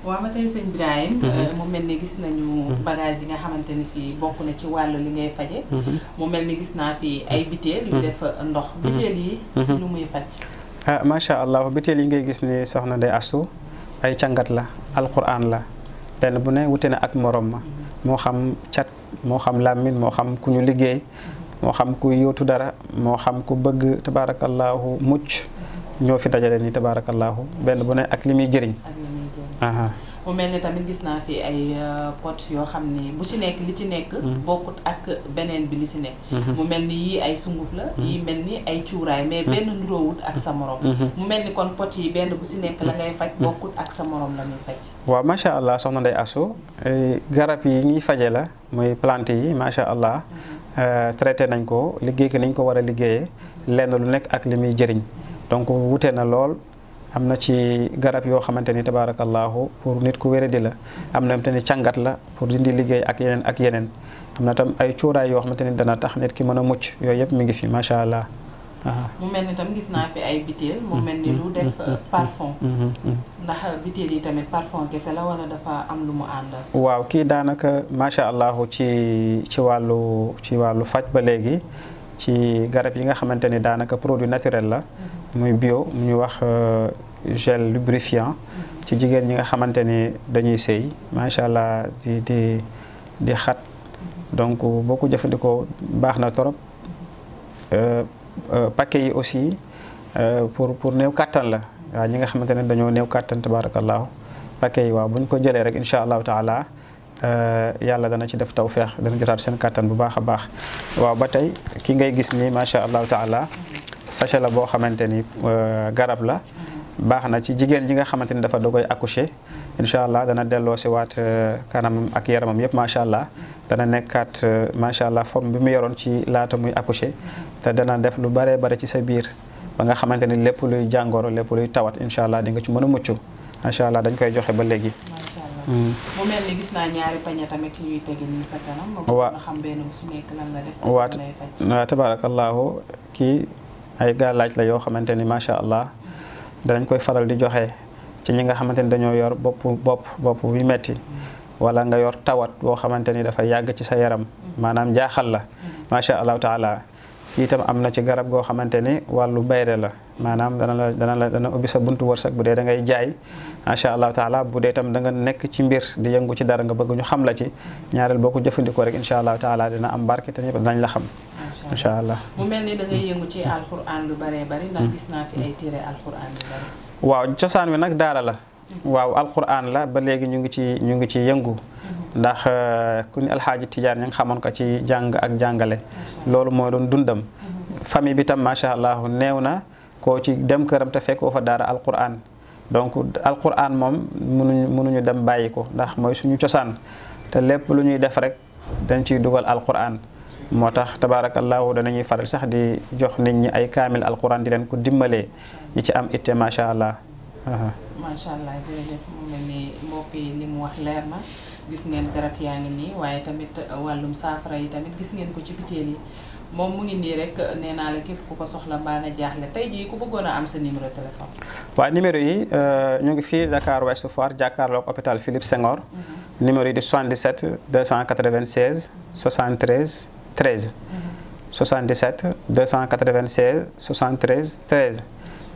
waaw ma tey sëñ Birahim mhm. euh, mu mel ni gis nañu mhm. bagage yi nga xamante ni si bokk na ci wàll li ngay faje mhm. mu mel ni gis naa fi ay biteel yu def euh, ndox biteel yi si lu muy faj ah macha allah biteel yi ngay gis ni soxna day asu ay cangat la alquran la benn bu ne wute na ak morom ma moo xam cat moo xam làmmiñ moo xam ku ñu liggéey moo xam ku yóotu dara moo xam ku bëgg tabaarakallaahu mucc ñoo fi dajale ni tabaarakallaahu benn bu ne ak li muy jëriñ mu mel ni tamit gis naa fi ay euh, pot yoo xam ni bu ci nekk li ci nekk. Hmm. bokkut ak beneen bi li ci nekk. Hmm. mu mel ni yii ay sunguf la. Hmm. yii mel ni ay cuuraay mais benn nuroowut ak sa morom. mu mel ni kon pot yi benn bu ci nekk la ngay faj bokkut ak sa morom la faj. waaw macha allah soxna Ndeye Asou eh, garab yi ñuy faje la muy plante yi macha allah eh, traité nañ ko liggéey ki nañ ko war a liggéeye lenn lu nekk ak li muy jëriñ donc wute na lool. am na ci garab yoo xamante ni tabaarakallaahu pour nit ku wéradi la am na tamit càngat la pour dindi liggéey ak yeneen ak yeneen am na tam ay cuuraay yoo xamante ni dana tax nit ki mën a mucc yooyu yëpp mu ngi fi macha allah. mu mel ni tam gis naa fi ay biteel mu mel ni lu def mm-hmm. euh, parfum mm-hmm. Mm-hmm. ndax biteel yi tamit parfum kese la wala dafa am lu mu àndal waaw kii daanaka macha allah ci ci wàllu ci wàllu faj ba léegi ci garab yi nga xamante ni daanaka produit naturel la muy bio mu ñu wax euh, gel lubrifiant ci jigéen ñi nga xamante ni dañuy sëy macha allah di di di xat donc boo ko jëfandikoo baax na torop euh, euh, paquet yi aussi pour pour néew kàttan la waaw ñi nga xamante ne dañoo néew kàttan tabaarakallaahu paquet yi waaw buñ ko jëlee rek incha allahu taala Euh, yàlla dana ci def taw feex dana jotaat seen kàttan bu baax a baax waaw ba tey ki ngay gis ni macha allah taala sachet la boo xamante ni euh, garab la baax na ci jigéen ji nga xamante ni dafa dogoy accoucher incha allah dana delloo si waat euh, ak yaramam yëpp macha allah dana nekkaat macha allah forme bi mu yoroon ci laata muy accoucher te dana def lu baree bare ci sa biir ba nga xamante ni lépp luy jàngoro lépp luy tawat incha allah di nga ci mën a mucc macha allah dañ koy joxe ba léegi Mm. mu mel ni gis naa ñaari pañe tamit yuy tegi la def. lan lay faj waaw tabaarakallaahu kii ay gàllaaj la yoo xamante ni macha allah mm. danañ koy faral di joxe ci ñi nga xamante ni dañoo yor bopp bopp bopp bi metti mm. wala nga yor tawat boo xamante ni dafa yàgg ci sa yaram maanaam jaaxal la macha allah taala ci itam am na ci garab goo xamante ni wàllu bayre la maanaam dana la dana la dana ubbi sa buntu wërsëg bu dee da ngay jaay macha allah taala bu dee itam da nekk ci mbir di yëngu ci dara nga bëgg ñu xam la ci ñaareel boo ko jëfandikoo rek incha allah taala dina am barke te ñëpp dinañ la xam. incha allah mu waaw cosaan wi nag daara la. Mm-hmm. waaw alxuraan la ba léegi ñu ngi ci ñu ngi ci yëngu. ndax euh, ku ñu alxaaji tijaan ñu xamoon ko ci jàng ak jàngale loolu moo doon dundam famille bi tam macha allah néew na koo ci dem këram te fekkoo fa daara alquran donc alquran moom munuñu munuñu dem bàyyi ko ndax mooy suñu cosaan te lépp lu ñuy def rek dañ ciy dugal alquran moo tax tabaarakallaahu danañuy faral sax di jox nit ñi ay kaamil alquran di leen ko dimbalee ñi ci am itte macha allah macha allah jërëjëf mu mel ni mbokk yi li mu wax leer na gis ngeen garab yaa ngi nii waaye tamit wàllum saafara yi tamit gis ngeen ko ci biteel yi moom mu ngi nii rek nee la képp ku ko soxla mbaa nga jaaxle tey jii ku bëggoon a am sa numéro téléphone. waaw numéro yi euh, ñu ngi fii Dakar Ouest Foire jàkkaarloog hôpital Philippe Senghor. Mhm. numéro yi di 77 296 73 13. 77 296 73 13.